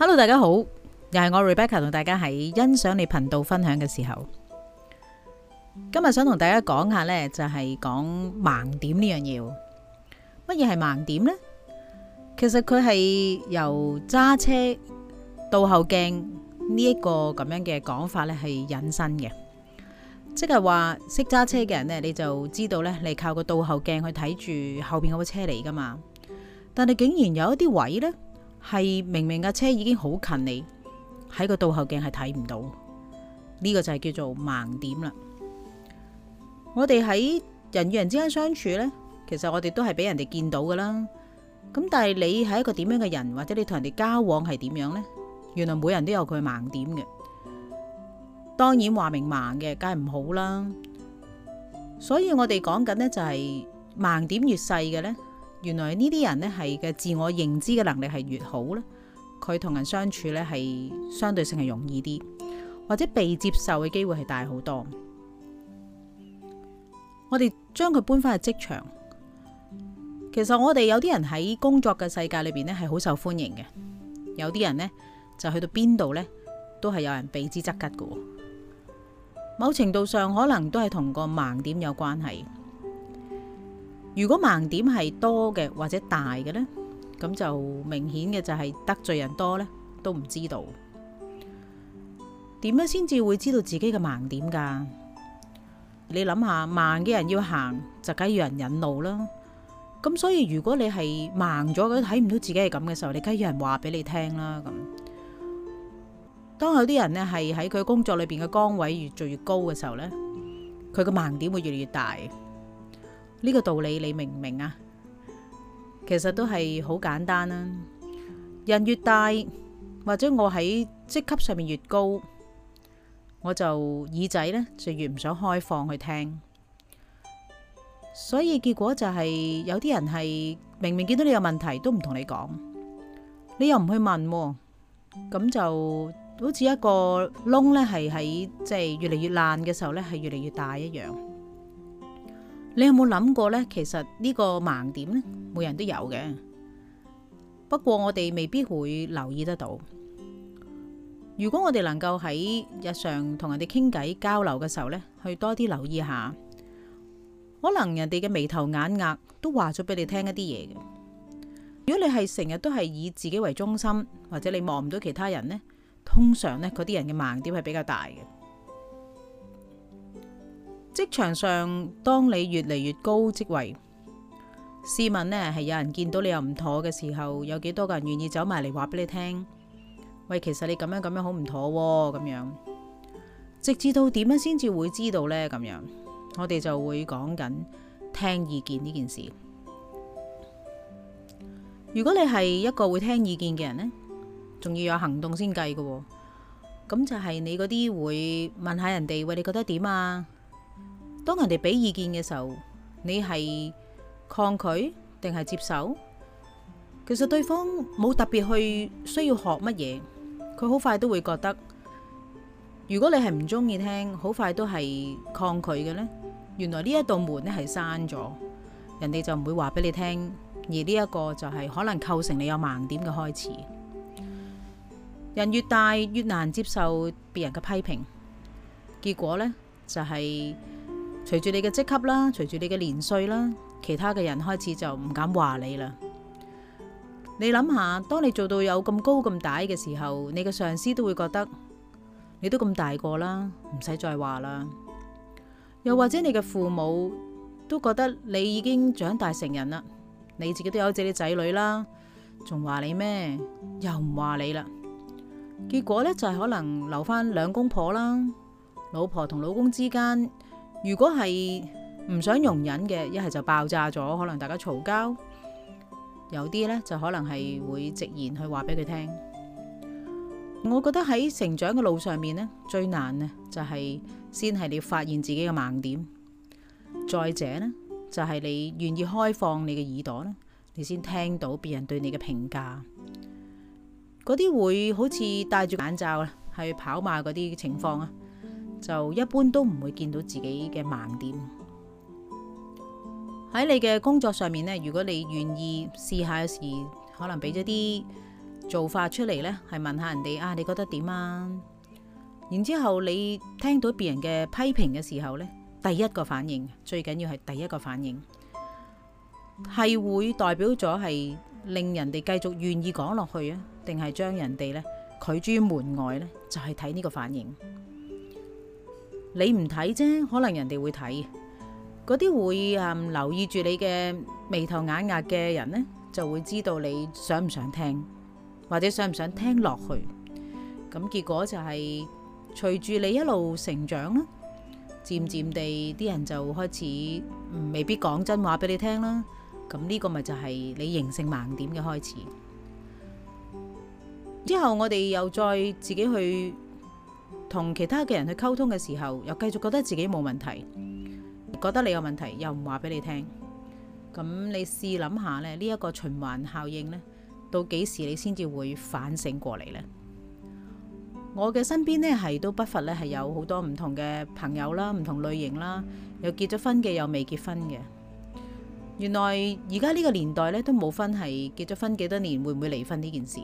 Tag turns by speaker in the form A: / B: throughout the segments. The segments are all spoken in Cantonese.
A: Hello，大家好，又係我 Rebecca 同大家喺欣賞你頻道分享嘅時候，今日想同大家講下咧，就係講盲點呢樣嘢。乜嘢係盲點咧？其實佢係由揸車倒後鏡呢一個咁樣嘅講法咧，係引申嘅，即係話識揸車嘅人咧，你就知道咧，你靠個倒後鏡去睇住後邊嗰個車嚟噶嘛。但係竟然有一啲位咧。係明明架車已經好近你，喺個倒後鏡係睇唔到，呢個就係叫做盲點啦。我哋喺人與人之間相處呢，其實我哋都係俾人哋見到噶啦。咁但係你係一個點樣嘅人，或者你同人哋交往係點樣呢？原來每人都有佢盲點嘅。當然話明盲嘅，梗係唔好啦。所以我哋講緊呢，就係盲點越細嘅呢。原來呢啲人呢係嘅自我認知嘅能力係越好呢，佢同人相處呢係相對性係容易啲，或者被接受嘅機會係大好多。我哋將佢搬翻去職場，其實我哋有啲人喺工作嘅世界裏邊呢係好受歡迎嘅，有啲人呢，就去到邊度呢，都係有人避之則吉㗎。某程度上可能都係同個盲點有關係。如果盲點係多嘅或者大嘅呢，咁就明顯嘅就係得罪人多呢，都唔知道點樣先至會知道自己嘅盲點噶。你諗下，盲嘅人要行就梗係要人引路啦。咁所以如果你係盲咗，佢睇唔到自己係咁嘅時候，你梗係要有人話俾你聽啦。咁當有啲人呢，係喺佢工作裏邊嘅崗位越做越高嘅時候呢，佢嘅盲點會越嚟越大。呢個道理你明唔明啊？其實都係好簡單啦，啊。人越大，或者我喺職級上面越高，我就耳仔呢就越唔想開放去聽。所以結果就係、是，有啲人係明明見到你有問題都唔同你講，你又唔去問，喎，咁就好似一個窿呢，係喺即係越嚟越爛嘅時候呢，係越嚟越大一樣。你有冇諗過呢？其實呢個盲點每人都有嘅。不過我哋未必會留意得到。如果我哋能夠喺日常同人哋傾偈交流嘅時候呢，去多啲留意下，可能人哋嘅眉頭眼額都話咗俾你聽一啲嘢嘅。如果你係成日都係以自己為中心，或者你望唔到其他人呢，通常呢，嗰啲人嘅盲點係比較大嘅。職場上，當你越嚟越高職位，試問呢係有人見到你又唔妥嘅時候，有幾多個人願意走埋嚟話俾你聽？喂，其實你咁樣咁樣好唔妥喎。哦，咁樣直至到點樣先至會知道呢？咁樣我哋就會講緊聽意見呢件事。如果你係一個會聽意見嘅人呢，仲要有行動先計㗎，咁就係你嗰啲會問下人哋喂，你覺得點啊？當人哋俾意見嘅時候，你係抗拒定係接受？其實對方冇特別去需要學乜嘢，佢好快都會覺得。如果你係唔中意聽，好快都係抗拒嘅呢。原來呢一道門呢係閂咗，人哋就唔會話俾你聽。而呢一個就係可能構成你有盲點嘅開始。人越大越難接受別人嘅批評，結果呢就係，隨住你嘅職級啦，隨住你嘅年歲啦，其他嘅人開始就唔敢話你啦。你諗下，當你做到有咁高咁大嘅時候，你嘅上司都會覺得你都咁大個啦，唔使再話啦。又或者你嘅父母都覺得你已經長大成人啦，你自己都有自己仔女啦，仲話你咩？又唔話你啦。結果呢，就係可能留翻兩公婆啦，老婆同老公之間。如果係唔想容忍嘅，一係就爆炸咗，可能大家嘈交。有啲呢，就可能係會直言去話俾佢聽。我覺得喺成長嘅路上面呢，最難呢、就係，就係先係你發現自己嘅盲點，再者呢，就係、係、你願意開放你嘅耳朵呢，你先聽到別人對你嘅評價。嗰啲會好似戴住眼罩啊，去跑馬嗰啲情況啊。就一般都唔會見到自己嘅盲點喺你嘅工作上面咧。如果你願意試一下嘅時，可能俾咗啲做法出嚟呢，係問下人哋啊，你覺得點啊？然之後你聽到別人嘅批評嘅時候呢，第一個反應最緊要係，第一個反應係會代表咗係令人哋繼續願意講落去啊，定係將人哋呢拒諸門外呢，就係睇呢個反應。你唔睇啫，可能人哋會睇。嗰啲會啊、嗯、留意住你嘅眉頭眼額嘅人呢，就會知道你想唔想聽，或者想唔想聽落去。咁結果就係隨住你一路成長啦，漸漸地啲人就開始未必講真話俾你聽啦。咁呢個咪就係你形成盲點嘅開始。之後我哋又再自己去。同其他嘅人去溝通嘅時候，又繼續覺得自己冇問題，覺得你有問題又唔話俾你聽。咁你試諗下咧，呢一個循環效應呢到幾時你先至會反省過嚟呢？我嘅身邊呢，係都不乏咧係有好多唔同嘅朋友啦，唔同類型啦，又結咗婚嘅又未結婚嘅。原來而家呢個年代呢，都冇分係結咗婚幾多年會唔會離婚呢件事。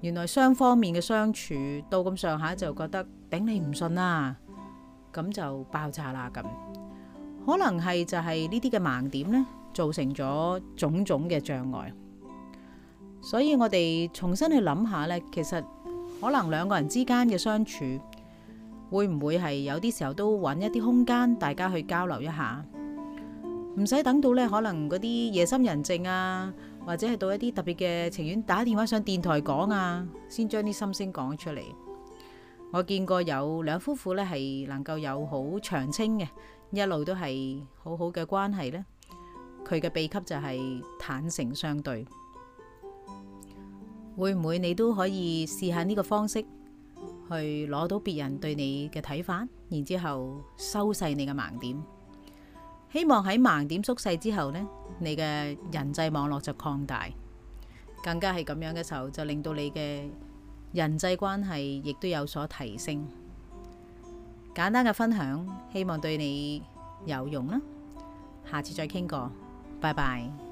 A: 原來雙方面嘅相處到咁上下就覺得頂你唔順啦，咁就爆炸啦咁，可能係就係呢啲嘅盲點呢，造成咗種種嘅障礙。所以我哋重新去諗下呢，其實可能兩個人之間嘅相處，會唔會係有啲時候都揾一啲空間，大家去交流一下，唔使等到呢，可能嗰啲夜深人靜啊。或者係到一啲特別嘅，情願打電話上電台講啊，先將啲心聲講出嚟。我見過有兩夫婦呢，係能夠有好長青嘅，一路都係好好嘅關係呢，佢嘅秘笈就係坦誠相對。會唔會你都可以試下呢個方式，去攞到別人對你嘅睇法，然之後收細你嘅盲點？希望喺盲點縮細之後呢，你嘅人際網絡就擴大，更加係咁樣嘅時候，就令到你嘅人際關係亦都有所提升。簡單嘅分享，希望對你有用啦。下次再傾過，拜拜。